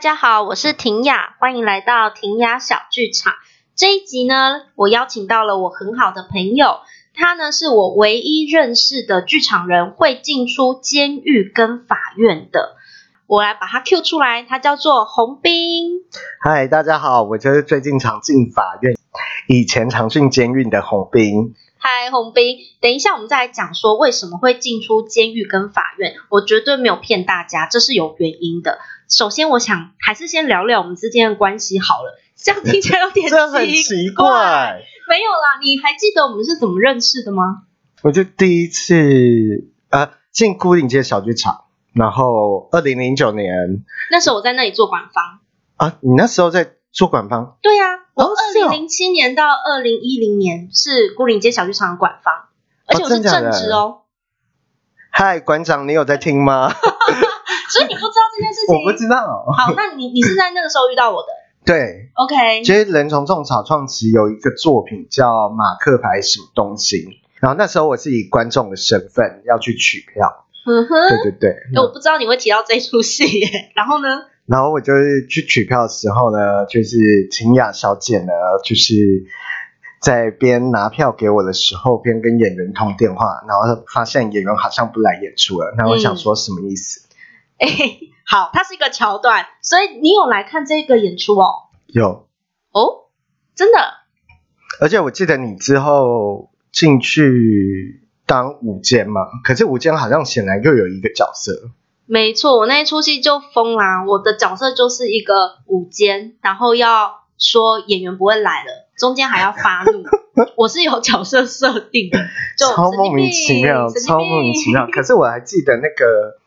大家好，我是庭雅，歡迎來到庭雅小聚場。這一集呢，我邀請到了我很好的朋友，他呢是我唯一認識的劇場人會進出監獄跟法院的。我來把他 Q 出來，他叫做泓賓。嗨，大家好，我就是最近常進法院、以前常進監獄的泓賓。嗨，泓賓，等一下我們再來講說為什麼會進出監獄跟法院。我絕對沒有騙大家，這是有原因的。首先，我想還是先聊聊我們之間的關係好了，這樣聽起來有點奇怪。沒有啦，你還記得我們是怎麼認識的嗎？我就第一次呃進牯嶺街小劇場，然後二零零九年那時候我在那裡做館方啊、呃，你那時候在做館方？對啊，我二零零七年到二零一零年是牯嶺街小劇場的館方，而且我是正職哦。嗨、哦，哦、Hi, 館長，你有在聽嗎？ 所以你不。我不知道。好，那你你是在那個時候遇到我的？ 對，OK。其實人從眾草創起有一個作品叫《馬克牌什麼東西》，然後那時候我是以觀眾的身份要去取票。嗯哼。對對對。我不知道你會提到這出戲。然後呢？ 然後我就去取票的時候呢，就是庭雅小姐呢，就是在邊拿票給我的時候，邊跟演員通電話，然後發現演員好像不來演出了。那我想說什麼意思？嗯、哎。好，它是一個橋段，所以你有來看這個演出哦？有。哦，真的。而且我記得你之後進去當舞監嘛，可是舞監好像顯然又有一個角色。沒錯，我那一出戲就瘋啦，我的角色就是一個舞監，然後要說演員不會來了，中間還要發怒， 我是有角色設定的，就 ing, 超莫名其妙，超莫名其妙。 可是我還記得那個。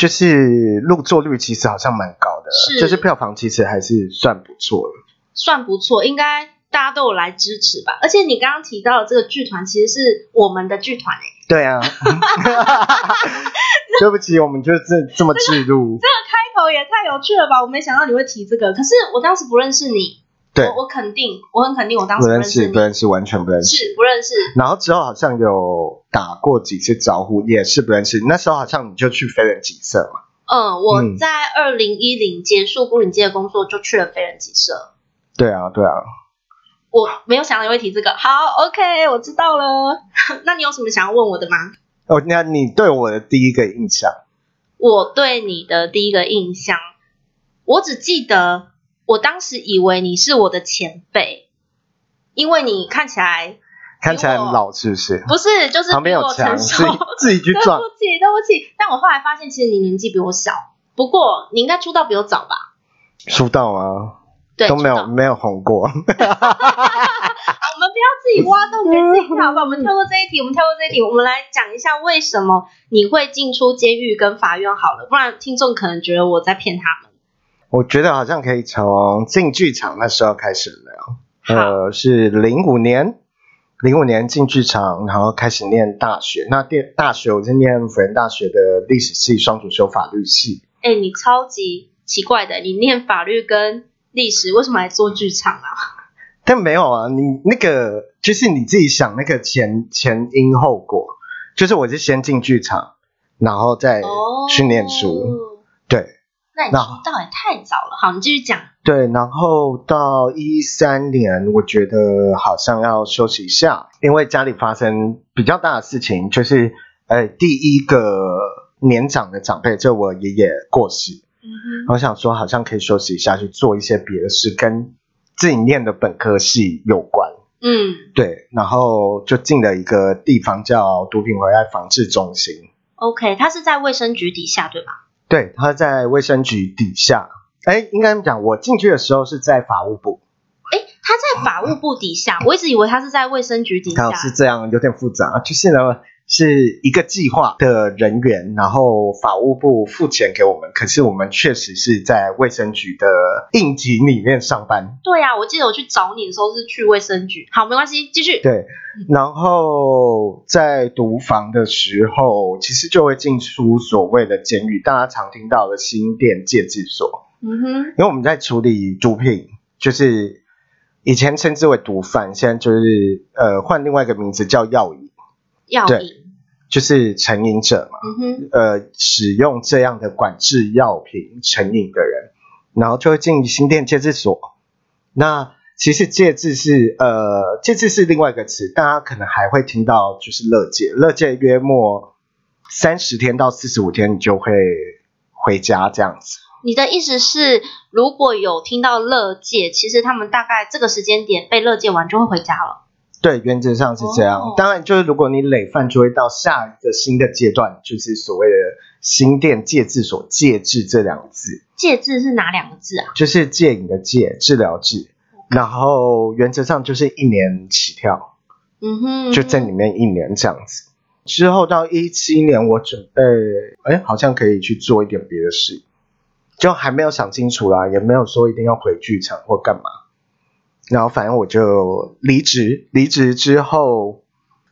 就是入座率其實好像蠻高的，是就是票房其實還是算不錯了，算不錯，應該大家都有來支持吧。而且你剛剛提到的這個劇團，其實是我們的劇團、欸、對啊， 對不起， 我們就這這麼置入、這個。這個開頭也太有趣了吧！我沒想到你會提這個，可是我當時不認識你。對我，我肯定，我很肯定，我當時不認識，不認識，完全不認識，是不認識。然後之後好像有打過幾次招呼，也是不認識。那時候好像你就去飛人集社嘛。嗯，我在二零一零結束布林街的工作，就去了飛人集社。對啊，對啊。我沒有想到你會提這個，好，OK，我知道了。 那你有什麼想要問我的嗎？哦，那你對我的第一個印象？我對你的第一個印象，我只記得。我當時以為你是我的前輩，因為你看起來看起來很老，是不是？不是，就是沒有成熟。所以自己去轉， 對不起，對不起。但我後來發現，其實你年紀比我小。不過你應該出道比我早吧？出道啊，對都沒有道沒有紅過。 我們不要自己挖洞給自己，好吧？我們跳過這一題，我們跳過這一題，我們來講一下為什麼你會進出監獄跟法院。好了，不然聽眾可能覺得我在騙他們。我覺得好像可以從進劇場那時候開始聊。好呃，是零五年，零五年進劇場，然後開始念大學。那大學，我就念輔仁大學的歷史系，雙主修法律系。哎、欸，你超級奇怪的，你念法律跟歷史，為什麼還做劇場啊？但沒有啊，你那個就是你自己想那個前前因後果，就是我是先進劇場，然後再去念書，哦、對。那倒也太早了。那好，你繼續講。對，然後到一三年，我覺得好像要休息一下，因為家裡發生比較大的事情，就是呃、欸，第一個年長的長輩，就我爺爺過世。我、嗯、哼想說，好像可以休息一下，去做一些別的事，跟自己念的本科系有關。嗯，對。然後就進了一個地方叫毒品危害防治中心。OK，它是在衛生局底下，對吧？對，他在衛生局底下。哎，應該怎麼講？我進去的時候是在法務部。哎，他在法務部底下，啊、我一直以為他是在衛生局底下。是這樣，有點複雜，就是呢。是一個計劃的人員，然後法務部付錢給我們，可是我們確實是在衛生局的應急裡面上班。對呀、啊，我記得我去找你的時候是去衛生局。好，沒關係，繼續。對。然後在毒房的時候，其實就會進出所謂的監獄，大家常聽到的新店戒治所。嗯哼。因為我們在處理毒品，就是以前稱之為毒販，現在就是呃換另外一個名字叫藥癮。藥癮義。就是成癮者嘛，嗯哼，呃，使用這樣的管制藥品成癮的人，然後就會進新店戒治所。那其實戒治是呃，戒治是另外一個詞，大家可能還會聽到就是勒戒，勒戒約莫三十天到四十五天，你就會回家這樣子。你的意思是，如果有聽到勒戒，其實他們大概這個時間點被勒戒完就會回家了？對，原則上是這樣。Oh. 當然，就是如果你累犯，就會到下一個新的階段，就是所謂的“新店戒治所”戒治這兩字。戒治是哪兩個字啊？就是戒癮的戒，治療治。Okay. 然後原則上就是一年起跳。嗯哼、mm。Hmm, 就在裡面一年這樣子，mm hmm. 之後到一七年，我準備，哎，好像可以去做一點別的事，就還沒有想清楚啦、啊，也沒有說一定要回劇場或幹嘛。然後，反正我就離職。離職之後，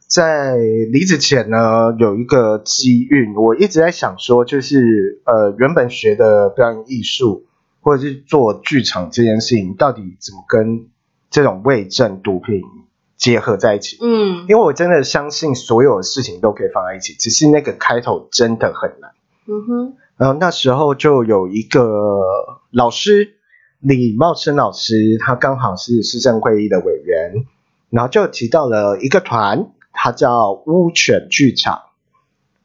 在離職前呢，有一個機遇，我一直在想說，就是呃，原本學的表演藝術，或者是做劇場這件事情，到底怎麼跟這種魏證毒品結合在一起？嗯，因為我真的相信所有的事情都可以放在一起，只是那個開頭真的很難。嗯哼，然後那時候就有一個老師。李茂生老師，他剛好是市政會議的委員，然後就提到了一個團，他叫烏犬劇場，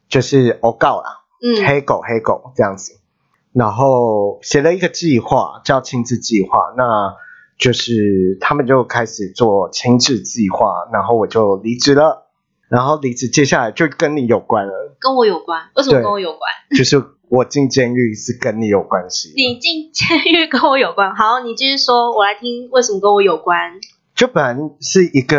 就是我告啦，嗯，黑狗黑狗這樣子，然後寫了一個計劃叫親子計劃，那就是他們就開始做親子計劃，然後我就離職了，然後離職接下來就跟你有關了，跟我有關。為什麼跟我有關？就是。我進監獄是跟你有關係，你進監獄跟我有關。好，你繼續說，我來聽為什麼跟我有關。就本來是一個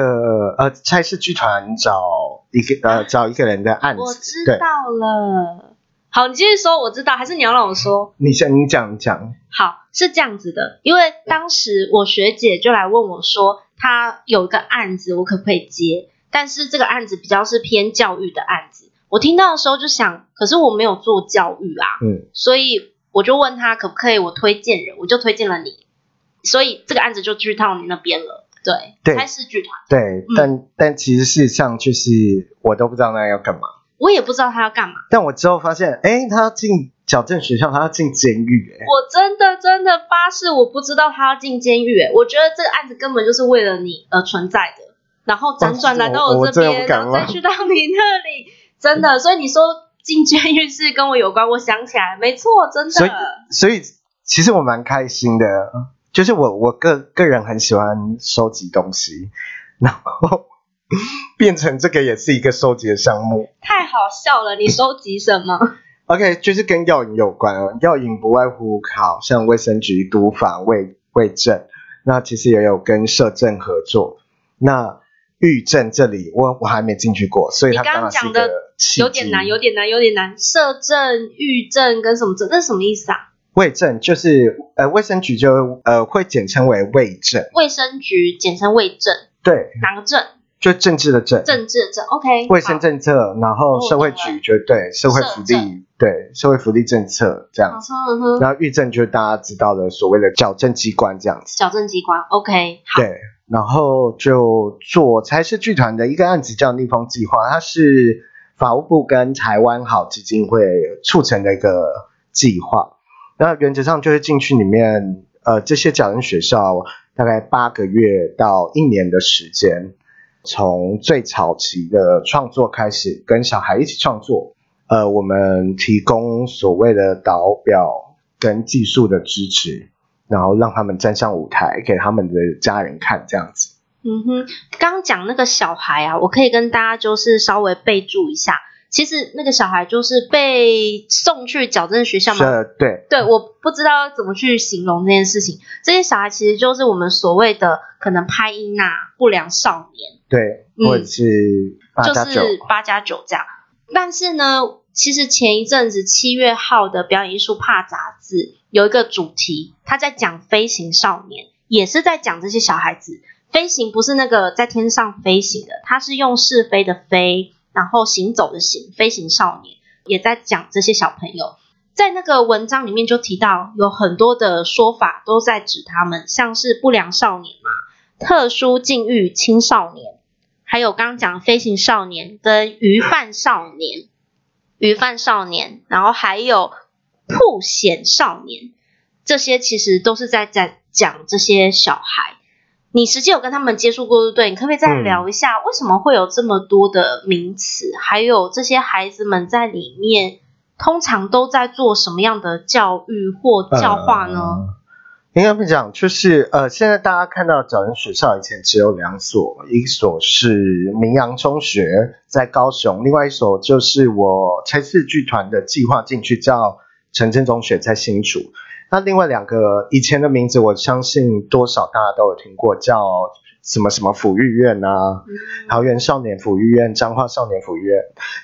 呃，菜市劇團找一個呃，找一個人的案子。 我知道了。對。好，你繼續說，我知道。還是你要讓我說？你先，你講講。好，是這樣子的，因為當時我學姐就來問我說，她有一個案子，我可不可以接？但是這個案子比較是偏教育的案子。我聽到的時候就想，可是我沒有做教育啊，嗯，所以我就問他可不可以，我推薦人，我就推薦了你，所以這個案子就去到你那邊了，對，台視劇團，對，但但其實事實上就是我都不知道那要幹嘛，我也不知道他要幹嘛，但我之後發現，哎，他要進矯正學校，他要進監獄，欸，我真的真的發誓我不知道他要進監獄，欸，我覺得這個案子根本就是為了你而存在的，然後輾轉來到我這邊，然後再去到你那裡。真的，所以你說進監獄是跟我有關，我想起來，沒錯，真的。所以，所以其實我蠻開心的，就是我我個個人很喜歡收集東西，然後變成這個也是一個收集的項目。太好笑了，你收集什麼 ？OK，就是跟藥癮有關啊，藥癮不外乎好像衛生局、毒販、衛衛政，那其實也有跟社政合作。那獄政這裡，我我還沒進去過，所以他剛剛講的。有點難，有點難，有點難。社政、獄政跟什麼政？那是什麼意思啊？衛政就是呃，衛生局就呃會簡稱為衛政。衛生局簡稱衛政。對，哪個政？就政治的政。政治的政，OK。衛生政策，然後社會局就對社會福利，對社會福利政策這樣。然後獄政就是大家知道的所謂的矯正機關這樣子。矯正機關，OK。對，然後就做財氏劇團的一個案子叫逆風計劃，它是。法務部跟台灣好基金會促成的一個計劃，那原則上就是進去裡面，呃，這些矯正學校大概八個月到一年的時間，從最早期的創作開始，跟小孩一起創作，呃，我們提供所謂的導表跟技術的支持，然後讓他們站上舞台，給他們的家人看這樣子。嗯哼，剛講那個小孩啊，我可以跟大家就是稍微備註一下，其實那個小孩就是被送去矯正學校嘛。對。對，我不知道怎麼去形容這件事情。這些小孩其實就是我們所謂的可能拍音吶不良少年。對，或者、嗯、是就是八加九這樣。但是呢，其實前一陣子七月號的表演藝術帕雜誌有一個主題，他在講非行少年，也是在講這些小孩子。非行不是那個在天上飛行的，它是用是非的非，然後行走的行。非行少年也在講這些小朋友，在那個文章裡面就提到有很多的說法都在指他們，像是不良少年嘛、特殊境遇青少年，還有剛剛講非行少年跟虞犯少年、虞犯少年，然後還有兔險少年，這些其實都是在在講這些小孩。你實際有跟他們接觸過，對不對？你可不可以再聊一下，為什麼會有這麼多的名詞？嗯、還有這些孩子們在裡面，通常都在做什麼樣的教育或教化呢？應該會講，就是呃，現在大家看到矯正學校以前只有兩所，一所是明陽中學在高雄，另外一所就是我才市劇團的計劃進去叫誠正中學在新竹。那另外兩個以前的名字，我相信多少大家都有聽過，叫什麼什麼輔育院啊，桃園、嗯、少年輔育院、彰化少年輔育院，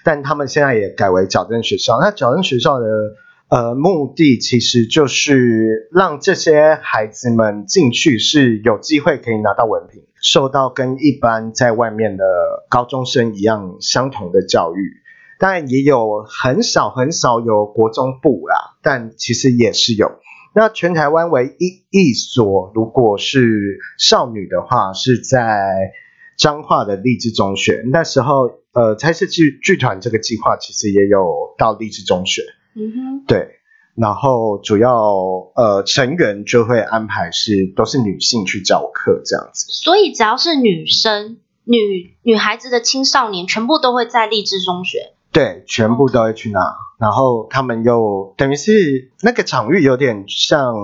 但他們現在也改為矯正學校。那矯正學校的呃目的其實就是讓這些孩子們進去是有機會可以拿到文憑，受到跟一般在外面的高中生一樣相同的教育。當然也有很少很少有國中部啦、啊，但其實也是有。那全台灣唯一一所，如果是少女的話，是在彰化的勵志中學。那時候，呃，彩色劇劇團這個計劃其實也有到勵志中學。嗯哼。對，然後主要呃成員就會安排是都是女性去教課這樣子。所以只要是女生、女女孩子的青少年，全部都會在勵志中學。對，全部都會去那。嗯然後他們又等於是那個場域有點像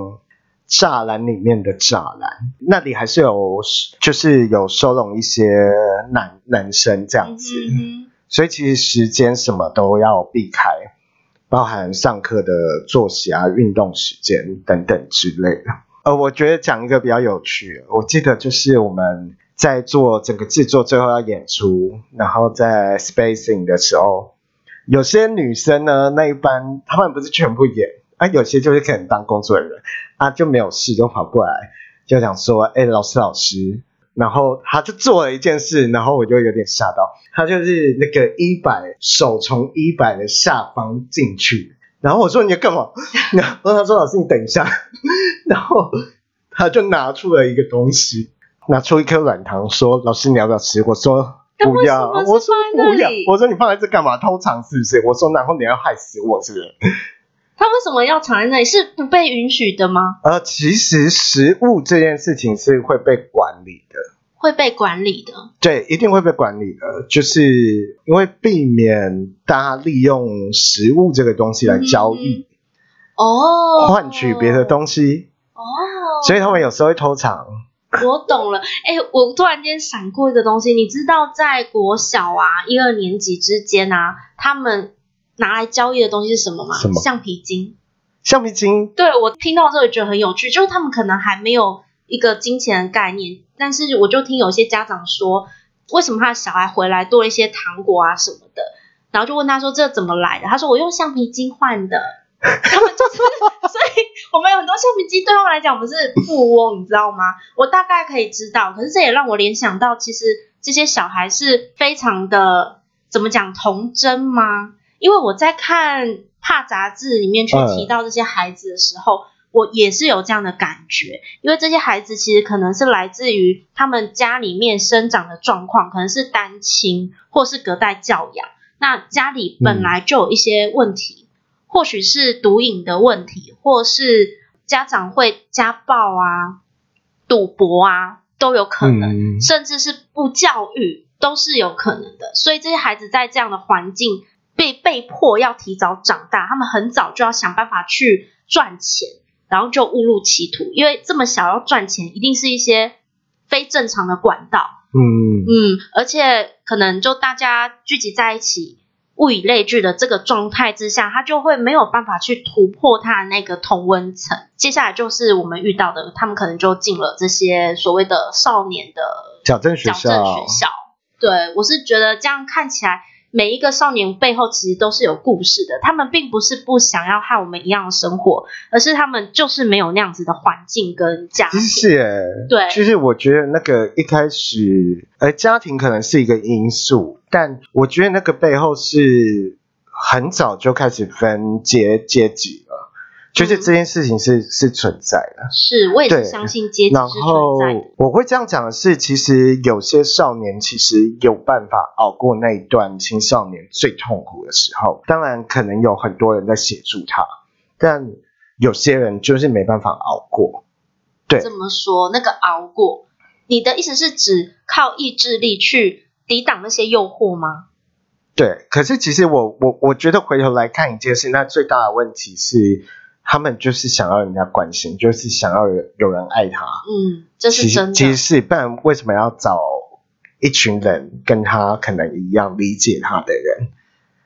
柵欄裡面的柵欄，那裡還是有就是有收容一些男男生這樣子，嗯哼，嗯哼，所以其實時間什麼都要避開，包含上課的作息啊、運動時間等等之類的。呃，我覺得講一個比較有趣，我記得就是我們在做整個制作最後要演出，然後在 spacing 的時候。有些女生呢，那一班他們不是全部演啊，有些就是可能當工作人員啊，就沒有事就跑過來，就想說，哎、欸，老師老師，然後他就做了一件事，然後我就有點嚇到，他就是那個衣擺手從衣擺的下方進去，然後我說你要幹嘛？然後他說老師你等一下， 然後他就拿出了一個東西，拿出一顆軟糖，說老師你要不要吃？我說。不要，我說我不要，我說你放在這幹嘛？偷藏是不是？我說，然後你要害死我是不是？他為什麼要藏在那裡？是不被允許的嗎？呃，其實食物這件事情是會被管理的，會被管理的。對，一定會被管理的，就是因為避免大家利用食物這個東西來交易，嗯，哦，換取別的東西哦，所以他們有時候會偷藏。我懂了，哎、欸，我突然間閃過一個東西，你知道在國小啊一二年級之間啊，他們拿來交易的東西是什麼嗎？什麼？橡皮筋。橡皮筋。對，我聽到之後也覺得很有趣，就是他們可能還沒有一個金錢的概念，但是我就聽有些家長說，為什麼他的小孩回來多一些糖果啊什麼的，然後就問他說這怎麼來的？他說我用橡皮筋換的。 他們就是，所以我們有很多橡皮筋。對他們來講，我們是富翁，你知道嗎？我大概可以知道。可是這也讓我聯想到，其實這些小孩是非常的怎麼講童真嗎？因為我在看 PAR 雜誌裡面去提到這些孩子的時候，嗯、我也是有這樣的感覺。因為這些孩子其實可能是來自於他們家裡面生長的狀況，可能是單親或是隔代教養，那家裡本來就有一些問題。嗯或許是毒癮的問題，或是家長會家暴啊、賭博啊都有可能，嗯、甚至是不教育都是有可能的。所以這些孩子在這樣的環境被被迫要提早長大，他們很早就要想辦法去賺錢，然後就誤入歧途。因為這麼小要賺錢，一定是一些非正常的管道。嗯嗯，而且可能就大家聚集在一起。物以類聚的這個狀態之下，他就會沒有辦法去突破他那個同溫層。接下來就是我們遇到的，他們可能就進了這些所謂的少年的矯正學校。矯正學校，對，我是覺得這樣看起來。每一個少年背後其實都是有故事的，他們並不是不想要和我們一樣的生活，而是他們就是沒有那樣子的環境跟家庭。其實是哎，對，就是我覺得那個一開始，而家庭可能是一個因素，但我覺得那個背後是很早就開始分階階級了。嗯、就是這件事情是是存在的，是，我也是相信階級是存在。然後我會這樣講的是，其實有些少年其實有辦法熬過那一段青少年最痛苦的時候，當然可能有很多人在協助他，但有些人就是沒辦法熬過。對，怎麼說，那個熬過，你的意思是只靠意志力去抵擋那些誘惑嗎？對，可是其實我我我覺得回頭來看一件事，那最大的問題是。他們就是想要人家關心，就是想要有人愛他。嗯，這是真的。其，其實是不然，為什麼要找一群人跟他可能一樣理解他的人？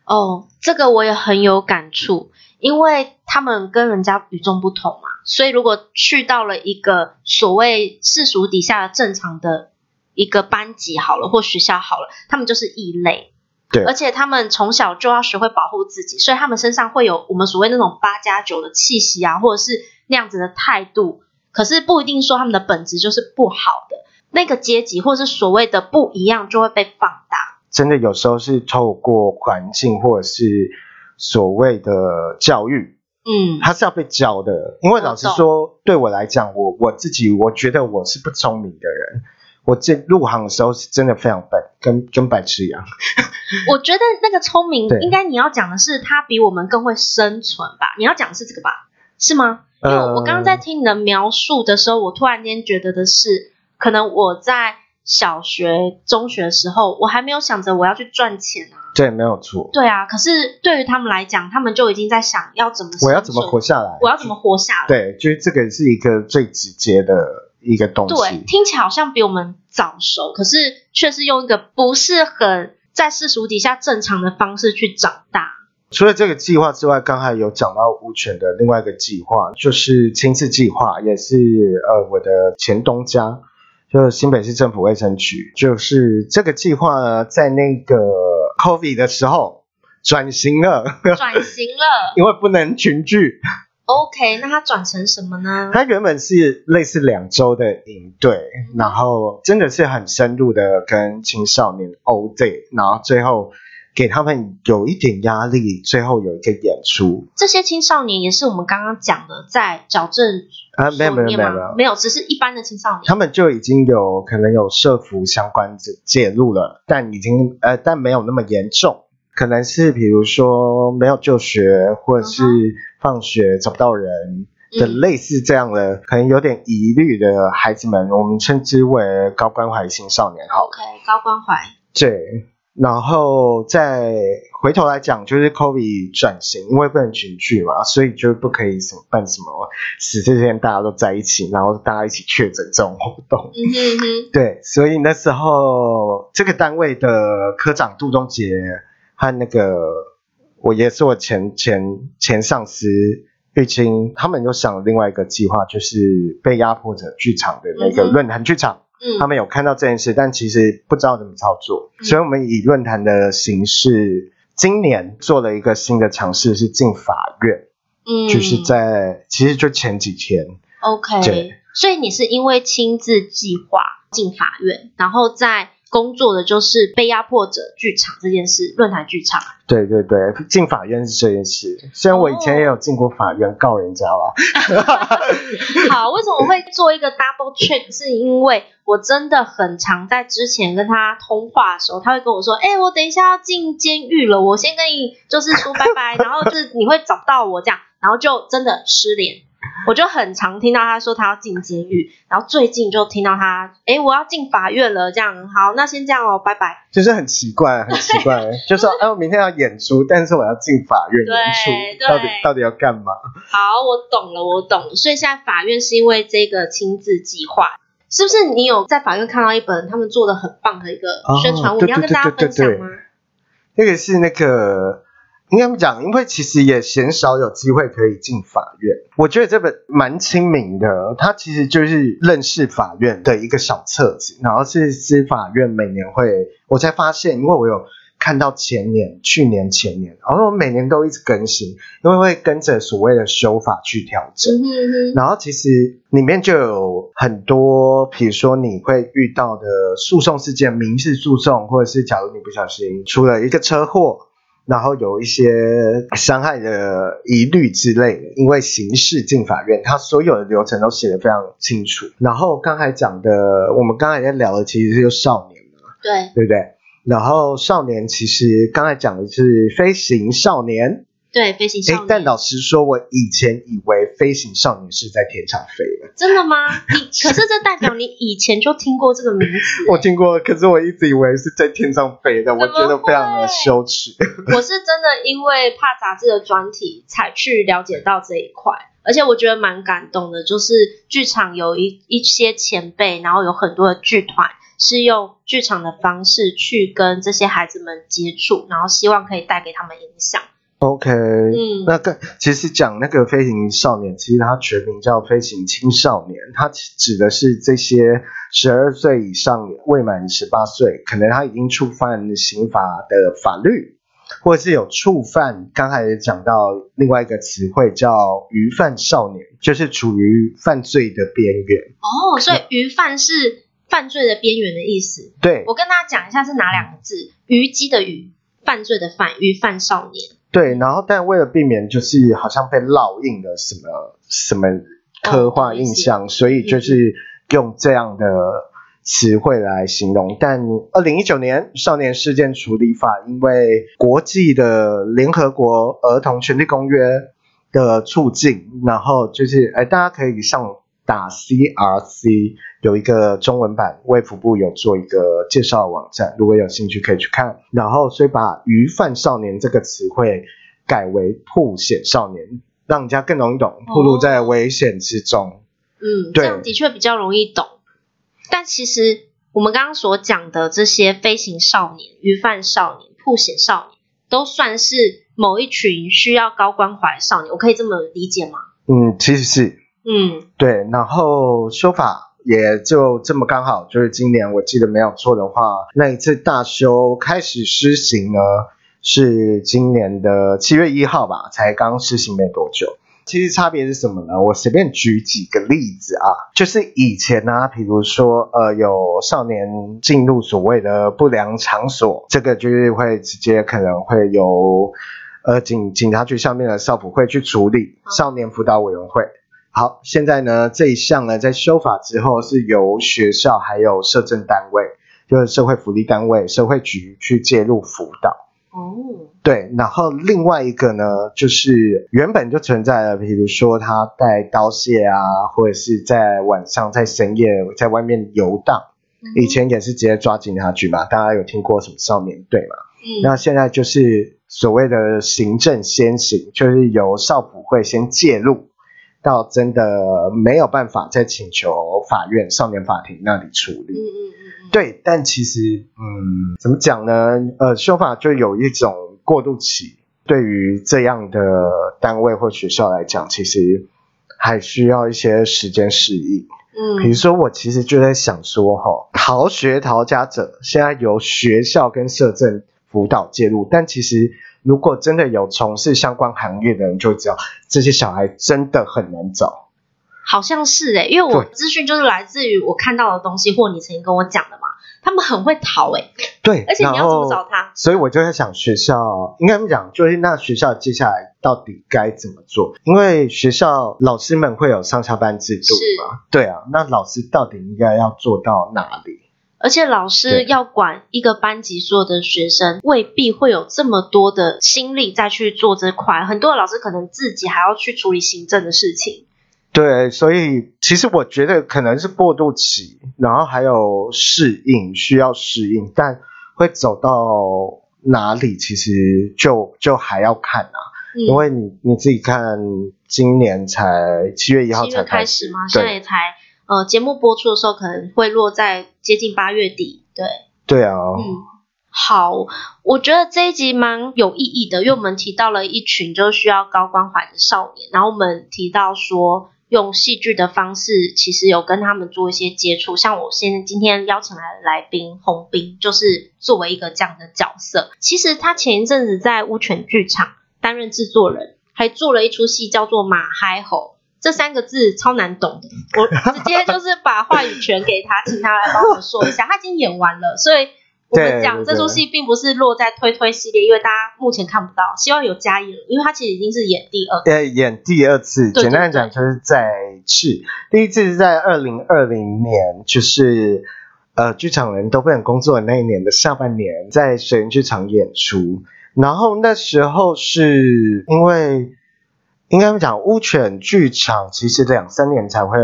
哦，這個我也很有感觸，因為他們跟人家與眾不同嘛，所以如果去到了一個所謂世俗底下正常的一個班級好了，或學校好了，他們就是異類。對而且他們從小就要學會保護自己，所以他們身上會有我們所謂那種八加九的氣息啊，或者是那樣子的態度。可是不一定說他們的本質就是不好的，那個階級或是所謂的不一樣就會被放大。真的有時候是透過環境或者是所謂的教育，嗯，他是要被教的。因為老實說，我懂對我來講，我我自己我覺得我是不聰明的人，我這入行的時候是真的非常笨，跟跟白痴一樣。我覺得那個聰明，對應該你要講的是他比我們更會生存吧？你要講的是這個吧？是嗎？因為、呃哦、我剛剛在聽你的描述的時候，我突然間覺得的是，可能我在小學、中學的時候，我還沒有想着我要去賺錢啊。對，沒有錯。對啊，可是對於他們來講，他們就已經在想要怎麼我要怎麼活下來，我要怎麼活下來？對，就是這個是一個最直接的一個東西。對，聽起來好像比我們早熟，可是卻是用一個不是很。在世俗底下正常的方式去長大。除了這個計劃之外，剛才有講到烏犬的另外一個計劃，就是親自計劃，也是呃我的前東家，就是新北市政府衛生局，就是這個計劃呢，在那個 COVID 的時候轉型了，轉型了，型了 因為不能群聚。OK，那他轉成什麼呢？他原本是類似兩周的營隊，嗯、然後真的是很深入的跟青少年 ODAY，然後最後給他們有一點壓力，最後有一個演出。這些青少年也是我們剛剛講的在矯正裡面嗎？、呃，沒有，沒有，沒有，沒有，只是一般的青少年。他們就已經有可能有社福相關者介入了，但已經呃，但沒有那麼嚴重。可能是比如說沒有就學，或者是放學找不到人的類似這樣的，可能有點疑慮的孩子們，我們稱之為高關懷青少年。好，OK，高關懷。對，然後再回頭來講，就是 COVID 轉型，因為不能群聚嘛，所以就不可以什麼辦什麼，使這些大家都在一起，然後大家一起確診這種活動。嗯哼哼。對，所以那時候這個單位的科長杜東杰。和那個我也是我前前前上司玉清，他們有想了另外一個計劃，就是被壓迫者劇場的那個論壇劇場，嗯嗯、他們有看到這件事，但其實不知道怎麼操作，嗯、所以我們以論壇的形式，今年做了一個新的嘗試，是進法院，嗯，就是在其實就前幾天，OK，對所以你是因為親自計劃進法院，然後在。工作的就是被壓迫者劇場這件事，論壇劇場。對對對，進法院是這件事。雖然我以前也有進過法院、哦、告人家了。 好，為什麼我會做一個 double check？是因為我真的很常在之前跟他通話的時候，他會跟我說：“哎、欸，我等一下要進監獄了，我先跟你就是說拜拜。” 然後是你會找到我這樣，然後就真的失聯。我就很常聽到他說他要進監獄，然後最近就聽到他，哎，我要進法院了，這樣，好，那先這樣哦，拜拜。就是很奇怪，很奇怪，就說，哎，我明天要演出，但是我要進法院演出，到底到底要幹嘛？好，我懂了，我懂了。所以現在法院是因為這個親子計劃，是不是？你有在法院看到一本他們做的很棒的一個宣傳物，你要跟大家分享嗎？那個是那個。應該講，因為其實也鮮少有機會可以進法院。我覺得這本蠻親民的，它其實就是認識法院的一個小冊子。然後是司法院每年會，我才發現，因為我有看到前年、去年、前年，然後我每年都一直更新，因為會跟着所謂的修法去調整。然後其實裡面就有很多，比如說你會遇到的訴訟事件，民事訴訟，或者是假如你不小心出了一個車禍。然後有一些傷害的疑慮之類的，因為刑事進法院，他所有的流程都寫得非常清楚。然後剛才講的，我們剛才在聊的，其實就是少年嘛，對，對不對？然後少年其實剛才講的是非行少年。對，非行少女。欸，但老實說，我以前以為非行少女是在天上飛的。真的嗎？你可是這代表你以前就聽過這個名詞。 我聽過，可是我一直以為是在天上飛的，我覺得非常的羞恥。我是真的因為 PAR 雜誌的專題才去了解到這一塊，對而且我覺得蠻感動的，就是劇場有一一些前輩，然後有很多的劇團是用劇場的方式去跟這些孩子們接觸，然後希望可以帶給他們影響。OK，嗯，那個，其實講那個非行少年，其實他全名叫非行青少年，他指的是這些十二歲以上未滿十八歲，可能他已經觸犯刑法的法律，或者是有觸犯。剛才也講到另外一個詞彙叫“虞犯少年”，就是處於犯罪的邊緣。哦，可能，所以“虞犯”是犯罪的邊緣的意思。對，我跟大家講一下是哪兩個字，“虞姬的“虞”，犯罪的“犯”，“虞犯少年”。對，然後但為了避免就是好像被烙印了什麼什麼刻板印象，哦、所以就是用這樣的詞彙來形容。嗯、但二零一九年《少年事件處理法》因為國際的聯合國兒童權利公約的促進，然後就是哎，大家可以上。打 CRC 有一個中文版，衛福部有做一個介紹網站，如果有興趣可以去看。然後所以把“虞犯少年”這個詞彙改為“曝險少年”，讓人家更容易懂，暴露在危險之中。哦、嗯，對，這樣的確比較容易懂。但其實我們剛剛所講的這些非行少年、虞犯少年、曝險少年，都算是某一群需要高關懷的少年，我可以這麼理解嗎？嗯，其實是。嗯，對，然後修法也就這麼剛好，就是今年我記得沒有錯的話，那一次大修開始施行呢，是今年的七月一號吧，才剛施行沒多久。其實差別是什麼呢？我隨便舉幾個例子啊，就是以前呢、啊，比如說呃，有少年進入所謂的不良場所，這個就是會直接可能會由呃警警察局下面的少輔會去處理少年輔導委員會。好，現在呢，這一項呢，在修法之後，是由學校還有社政單位，就是社會福利單位、社會局去介入輔導。哦，對，然後另外一個呢，就是原本就存在的，比如說他帶刀械啊，或者是在晚上在深夜在外面遊蕩，嗯、以前也是直接抓警察局嘛，大家有聽過什麼少年隊嘛？嗯，那現在就是所謂的行政先行，就是由少輔會先介入。到真的沒有辦法再請求法院，少年法庭那裡處理。嗯嗯、對，但其實，嗯，怎麼講呢？呃，修法就有一種過渡期，對於這樣的單位或學校來講，其實還需要一些時間適應。嗯。比如說，我其實就在想說，齁，逃學逃家者現在由學校跟社政輔導介入，但其實。如果真的有從事相關行業的人，就知道這些小孩真的很難找。好像是哎、欸，因為我資訊就是來自於我看到的東西，對或你曾經跟我講的嘛。他們很會逃誒、欸、對，而且你要怎後麼找他？所以我就在想，學校應該怎麼講，就是那學校接下來到底該怎麼做？因為學校老師們會有上下班制度嘛？是對啊，那老師到底應該要做到哪裡？而且老師要管一個班級所有的學生，對未必會有這麼多的心力再去做這塊。很多的老師可能自己還要去處理行政的事情。對，所以其實我覺得可能是過渡期，然後還有適應，需要適應。但會走到哪裡，其實就就還要看啊，嗯、因為你你自己看，今年才七月一號才開始，七月開始嗎？對現在也才。呃，節目播出的時候可能會落在接近八月底，對。對啊、哦。嗯，好，我覺得這一集蠻有意義的，因為我們提到了一群就需要高關懷的少年，然後我們提到說用戲劇的方式，其實有跟他們做一些接觸。像我現在今天邀請來的來賓泓賓，就是作為一個這樣的角色，其實他前一陣子在烏犬劇場擔任製作人，還做了一齣戲叫做《馬嗨猴》。這三個字超難懂的，我直接就是把話語權給他，請 他來幫我說一下。他已經演完了，所以我們講這出戲並不是落在推推系列，因為大家目前看不到。希望有加演，因為他其實已經是演第二次，對，演第二次。對簡單來講就是在去，第一次是在二零二零年，就是呃劇場人都不想工作的那一年的下半年，在水源劇場演出，然後那時候是因為。應該講烏犬劇場其實兩三年才會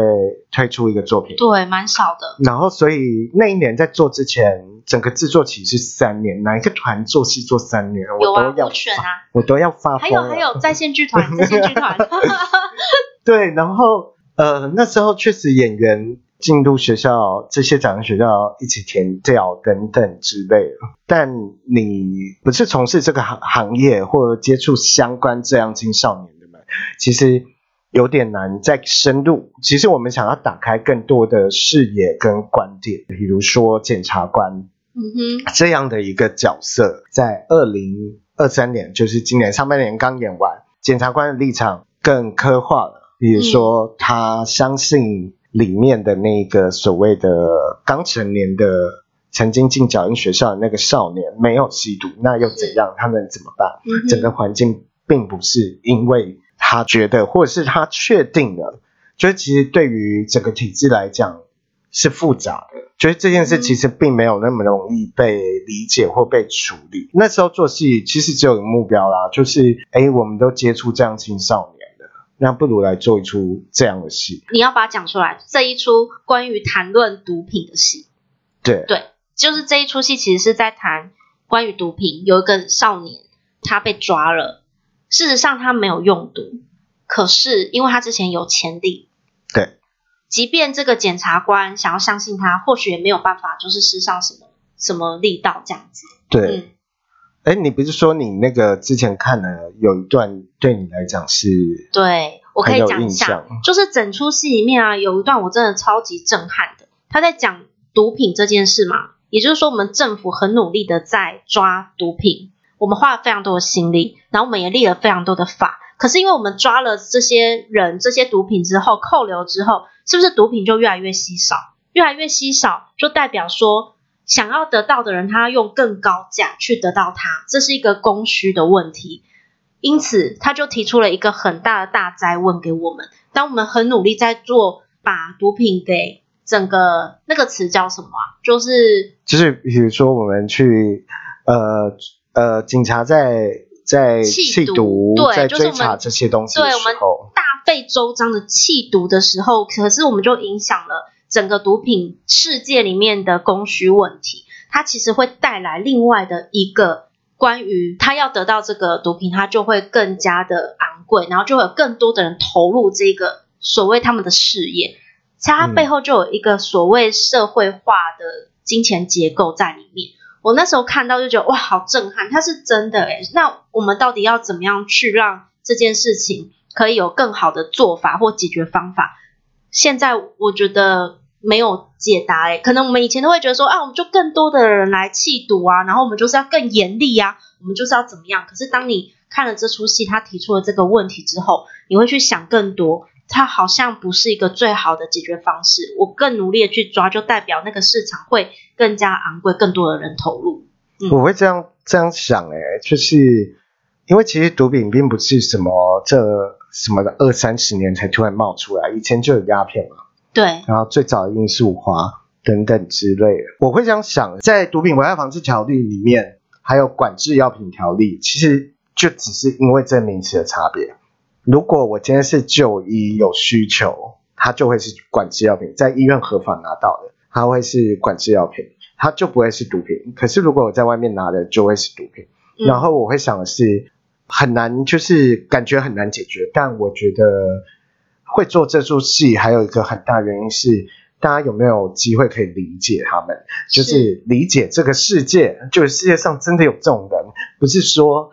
推出一個作品，對，蠻少的。然後所以那一年在做之前，整個製作期是三年，哪一個團做戲做三年，啊、我都要發瘋。有啊，烏犬啊。我都要發瘋。還有還有在線劇團，在線劇團。 對，然後呃那時候確實演員進入學校這些表演學校一起填調等等之類。但你不是從事這個行行業或者接觸相關這樣青少年。其實有點難再深入。其實我們想要打開更多的視野跟觀點，比如說檢察官、嗯、哼這樣的一個角色，在二零二三年，就是今年上半年剛演完，檢察官的立場更刻畫了。比如說，他相信裡面的那個所謂的剛成年的、曾經進矯正學校的那個少年沒有吸毒，那又怎樣？他們怎麼辦？嗯、哼整個環境並不是因為。他覺得，或者是他確定的，就其實對於整個體制來講是複雜的，就是這件事其實並沒有那麼容易被理解或被處理。嗯、那時候做戲其實只有一個目標啦，就是哎，我們都接觸這樣青少年的，那不如來做一出這樣的戲。你要把它講出來，這一出關於談論毒品的戲，對對，就是這一出戲其實是在談關於毒品，有一個少年他被抓了。事實上，他沒有用毒，可是因為他之前有潛力，對，即便這個檢察官想要相信他，或許也沒有辦法，就是施上什麼什麼力道這樣子。對，哎、嗯，你不是說你那個之前看了有一段，對你來講是。對，我可以講一下，就是整出戲裡面啊，有一段我真的超級震撼的，他在講毒品這件事嘛，也就是說，我們政府很努力的在抓毒品。我們花了非常多的心力，然後我們也立了非常多的法。可是，因為我們抓了這些人、這些毒品之後，扣留之後，是不是毒品就越來越稀少？越來越稀少，就代表說，想要得到的人，他要用更高價去得到它，這是一個供需的問題。因此，他就提出了一個很大的大哉問給我們。當我們很努力在做，把毒品給整個那個詞叫什麼啊？就是就是，比如說我們去呃。呃，警察在在緝毒，在追查這些東西的時候，對，就是，對，我們大費周章的緝毒的時候。可是我們就影響了整個毒品世界裡面的供需問題。它其實會帶來另外的一個關於他要得到這個毒品，它就會更加的昂貴，然後就會有更多的人投入這個所謂他們的事業。在它背後就有一個所謂社會化的金錢結構在裡面。嗯我那時候看到就覺得哇，好震撼，它是真的誒、欸、那我們到底要怎麼樣去讓這件事情可以有更好的做法或解決方法？現在我覺得沒有解答誒、欸、可能我們以前都會覺得說啊，我們就更多的人來緝毒啊，然後我們就是要更嚴厲啊，我們就是要怎麼樣？可是當你看了這出戲，他提出了這個問題之後，你會去想更多。它好像不是一個最好的解決方式。我更努力的去抓，就代表那個市場會更加昂貴，更多的人投入。嗯、我會這樣這樣想，欸，就是因為其實毒品並不是什麼這什麼的，二三十年才突然冒出來，以前就有鴉片嘛。對。然後最早的罌粟花等等之類的，我會這樣想，在《毒品危害防治條例》裡面還有《管制藥品條例》，其實就只是因為這名詞的差別。如果我今天是就醫有需求，他就會是管制藥品，在醫院合法拿到的，他會是管制藥品，他就不會是毒品。可是如果我在外面拿的，就會是毒品。嗯、然後我會想的是，很難，就是感覺很難解決。但我覺得會做這出戲還有一個很大原因是，大家有沒有機會可以理解他們？是就是理解這個世界，就是世界上真的有這種人，不是說。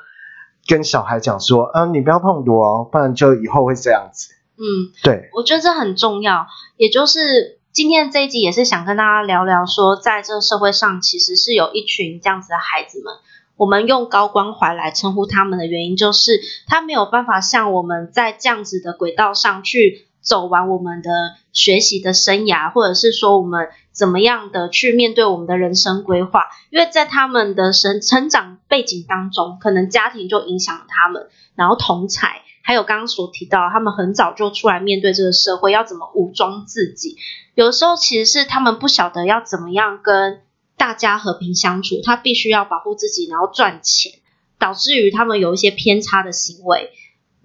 跟小孩講說，嗯、啊，你不要碰毒哦，不然就以後會這樣子。嗯，對，我覺得這很重要。也就是今天這一集也是想跟大家聊聊說，在這個社會上其實是有一群這樣子的孩子們，我們用高關懷來稱呼他們的原因，就是他沒有辦法像我們在這樣子的軌道上去走完我們的學習的生涯，或者是說我們怎麼樣的去面對我們的人生規劃？因為在他們的生成長背景當中，可能家庭就影響了他們，然後同才，還有剛剛所提到，他們很早就出來面對這個社會，要怎麼武裝自己？有時候其實是他們不曉得要怎麼樣跟大家和平相處，他必須要保護自己，然後賺錢，導致於他們有一些偏差的行為。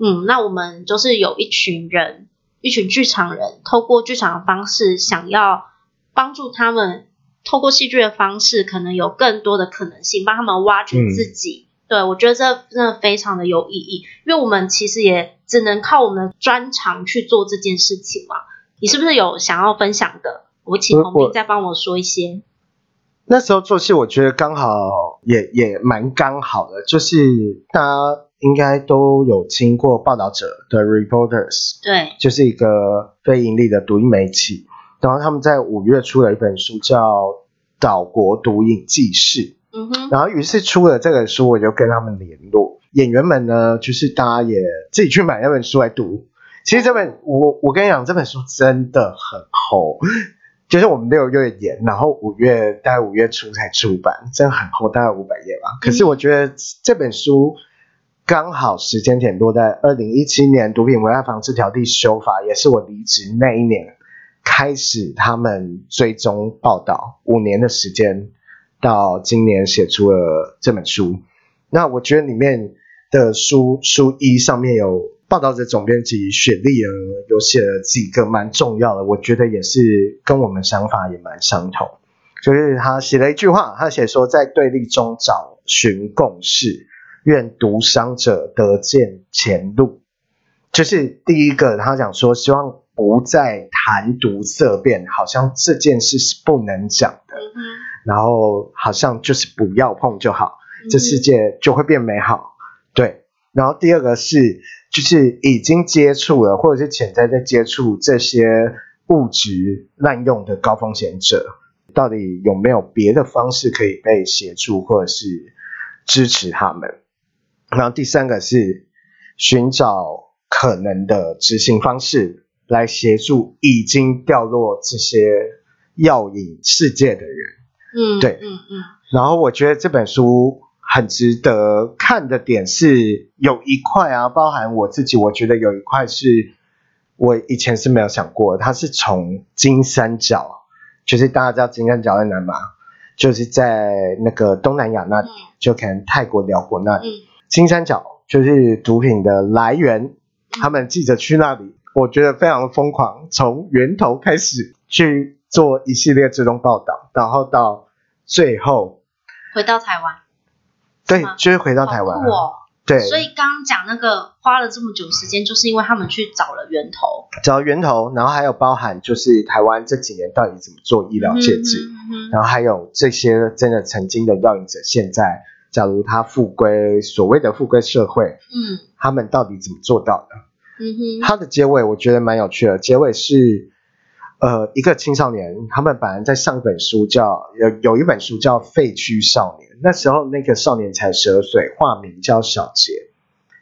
嗯，那我們就是有一群人。一群劇場人透過劇場的方式，想要幫助他們透過戲劇的方式，可能有更多的可能性，幫他們挖掘自己。嗯、對，我覺得這真的非常的有意義，因為我們其實也只能靠我們的專長去做這件事情嘛。你是不是有想要分享的？我請泓賓再幫我說一些。那時候做戲，我覺得剛好也也蠻剛好的，就是他。應該都有經過報導者的 reporters，對，就是一個非盈利的獨立媒體，然後他們在五月初出了一本書叫《島國毒癮紀事》，嗯、哼然後於是出了這本書，我就跟他們聯絡，演員們呢，就是大家也自己去買那本書來讀。其實這本我我跟你講，這本書真的很厚，就是我們六月演，然後五月大概五月初才出版，真的很厚，大概五百頁吧。嗯、可是我覺得這本書。剛好時間點落在二零一七年，毒品危害防治條例修法，也是我離職那一年開始，他們追蹤報道五年的時間，到今年寫出了這本書。那我覺得裡面的書書一上面有報道者總編輯雪莉爾、啊、有寫了幾個蠻重要的，我覺得也是跟我們想法也蠻相同。就是他寫了一句話，他寫說，在對立中找尋共識。願毒傷者得見前路，就是第一個，他講說希望不再談毒色變，好像這件事是不能講的，然後好像就是不要碰就好，這世界就會變美好，對。然後第二個是，就是已經接觸了或者是潛在在接觸這些物質濫用的高風險者，到底有沒有別的方式可以被協助或者是支持他們？然後第三個是尋找可能的執行方式，來協助已經掉落這些藥癮世界的人。嗯，對，嗯嗯。嗯然後我覺得這本書很值得看的點是有一塊啊，包含我自己，我覺得有一塊是，我以前是沒有想過，它是從金三角，就是大家知道金三角在哪嘛？就是在那個東南亞那裡，嗯、就可能泰國、寮國那裡。嗯金三角就是毒品的來源，他們記者去那裡，嗯、我覺得非常瘋狂，從源頭開始去做一系列這種報道，然後到最後回到台灣，對，麼就是回到台灣。哇、對，所以剛剛講那個花了這麼久時間，就是因為他們去找了源頭，找源頭，然後還有包含就是台灣這幾年到底怎麼做醫療戒治，嗯嗯嗯嗯、然後還有這些真的曾經的藥癮者現在。假如他復歸所謂的復歸社會，嗯，他們到底怎麼做到的？嗯哼，他的結尾我覺得蠻有趣的。結尾是，呃，一個青少年，他們本來在上一本書叫有有一本書叫《廢墟少年》，那時候那個少年才十二歲，化名叫小杰。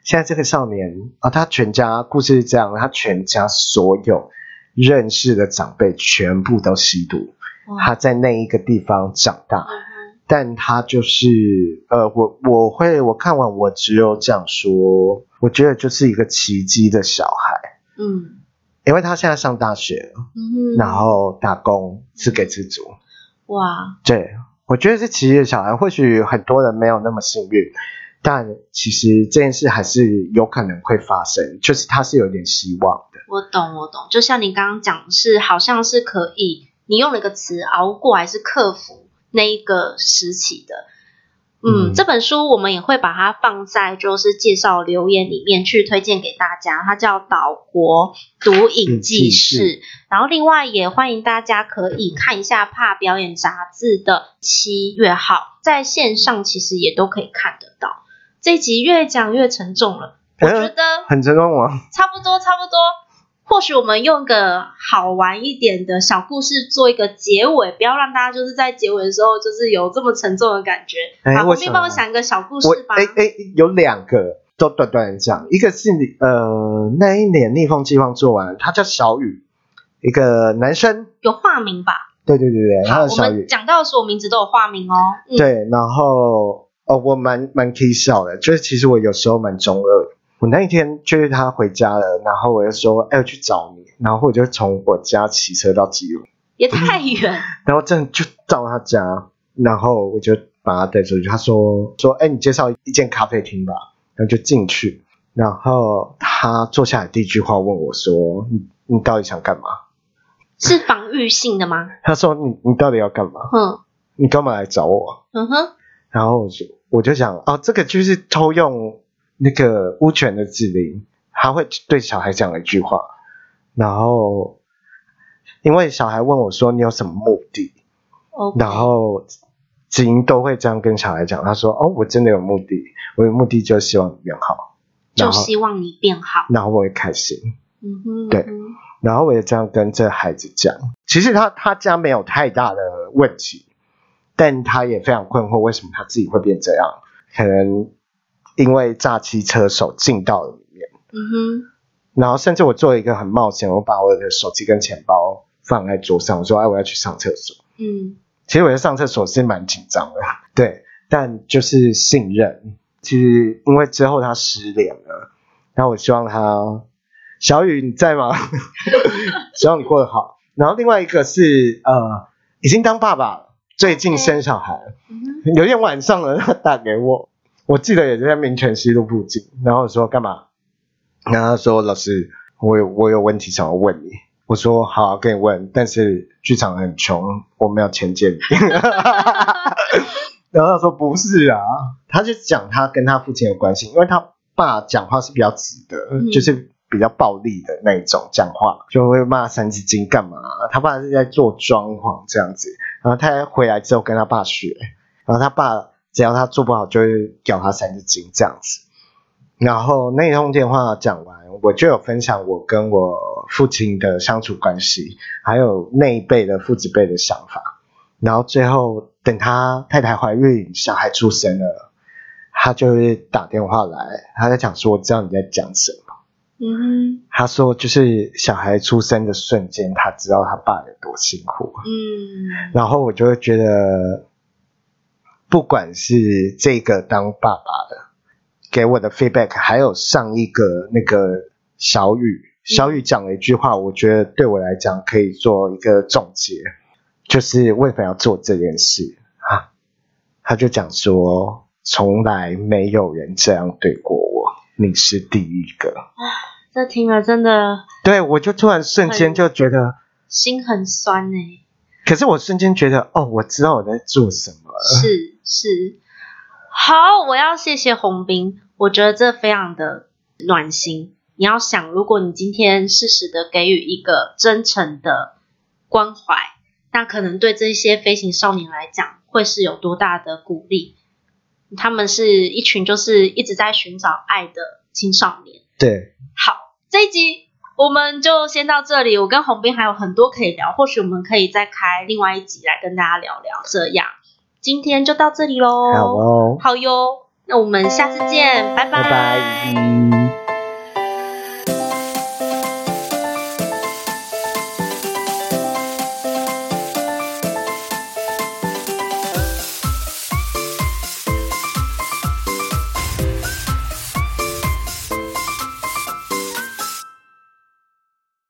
現在這個少年啊，他全家故事是這樣：他全家所有認識的長輩全部都吸毒，哇他在那一個地方長大。但他就是，呃，我我會我看完我只有這樣說，我覺得就是一個奇蹟的小孩，嗯，因為他現在上大學，嗯哼，然後打工自給自足，哇，對，我覺得是奇蹟的小孩，或許很多人沒有那麼幸運，但其實這件事還是有可能會發生，就是他是有點希望的。我懂，我懂，就像你剛剛講，是好像是可以，你用了一個詞，熬過還是克服。那一個時期的，嗯，嗯，這本書我們也會把它放在就是介紹留言裡面去推薦給大家。它叫《島國毒癮紀事》，嗯、然後另外也歡迎大家可以看一下《PAR 表演雜誌》的七月號，在線上其實也都可以看得到。這一集越講越沉重了，嗯、我覺得很沉重哦。差不多，差不多。或許我們用個好玩一點的小故事做一個結尾，不要讓大家就是在結尾的時候就是有這麼沉重的感覺。欸、好你可以幫我想一個小故事吧？哎哎、欸欸，有兩個都短短的講，一個是呃那一年逆風計劃做完了，他叫小雨，一個男生有化名吧？對對對對，叫好小雨。講到的時候我名字都有化名哦。嗯、對，然後哦我蠻蠻可以笑的，就是其實我有時候蠻中二的。我那一天就是他回家了，然後我就說：“哎，我去找你。”然後我就從我家騎車到基隆，也太遠。嗯。然後真的就到他家，然後我就把他帶出去。他說：“說，哎，你介紹一間咖啡廳吧。”然後就進去，然後他坐下來第一句話問我說：“你你到底想幹嘛？”是防御性的嗎？他說：“你你到底要幹嘛？”嗯，你幹嘛來找我？嗯哼。然後我就我就想，哦，這個就是偷用。那個烏犬的子林，他會對小孩講一句話，然後因為小孩問我說：“你有什麼目的？” Okay. 然後子林都會這樣跟小孩講，他說：“哦，我真的有目的，我的目的就希望你變好，就希望你變好，然後,然後我會開心。Mm ”嗯哼，對，然後我也這樣跟這孩子講，其實他他家沒有太大的問題，但他也非常困惑，為什麼他自己會變這樣？可能。因為詐欺車手進到了裡面，嗯哼，然後甚至我做了一個很冒險，我把我的手機跟錢包放在桌上，我說：“哎，我要去上廁所。”嗯，其實我在上廁所是蠻緊張的，對，但就是信任。其實因為之後他失聯了，然後我希望他，小雨你在嗎？ 希望你過得好。然後另外一個是呃，已經當爸爸，最近生小孩，嗯、哼有一天晚上了，他打給我。我記得也是在民權西路附近，然後我說幹嘛？然後他說：“老師，我有我有問題想要問你。”我說：“好，給你問。”但是劇場很窮，我沒有錢借你。 然後他說：“不是啊。”他就講他跟他父親有關係，因為他爸講話是比較直的，嗯、就是比較暴力的那種講話，就會罵三字經幹嘛？他爸是在做裝潢這樣子，然後他還回來之後跟他爸學，然後他爸。只要他做不好，就會吊他三字經這樣子。然後那一通電話講完，我就有分享我跟我父親的相處關係，還有那一輩的父子輩的想法。然後最後等他太太懷孕，小孩出生了，他就會打電話來，他在講說：“我知道你在講什麼。”嗯哼。他說：“就是小孩出生的瞬間，他知道他爸有多辛苦。”嗯。然後我就會覺得。不管是這個當爸爸的給我的 feedback，還有上一個那個小雨，小雨講了一句話，嗯、我覺得對我來講可以做一個總結，就是為什麼要做這件事啊？他就講說，從來沒有人這樣對過我，你是第一個。啊、這聽了真的，對，我就突然瞬間就覺得心很酸呢、欸。可是我瞬間覺得，哦，我知道我在做什麼。是是，好，我要謝謝泓賓，我覺得這非常的暖心。你要想，如果你今天適時的給予一個真誠的關懷，那可能對這些非行少年來講，會是有多大的鼓勵？他們是一群就是一直在尋找愛的青少年。對，好，這一集。我們就先到這裡，我跟泓賓還有很多可以聊，或許我們可以再開另外一集來跟大家聊聊。這樣，今天就到這裡嘍。好哦，好喲，那我們下次見，拜拜。拜拜。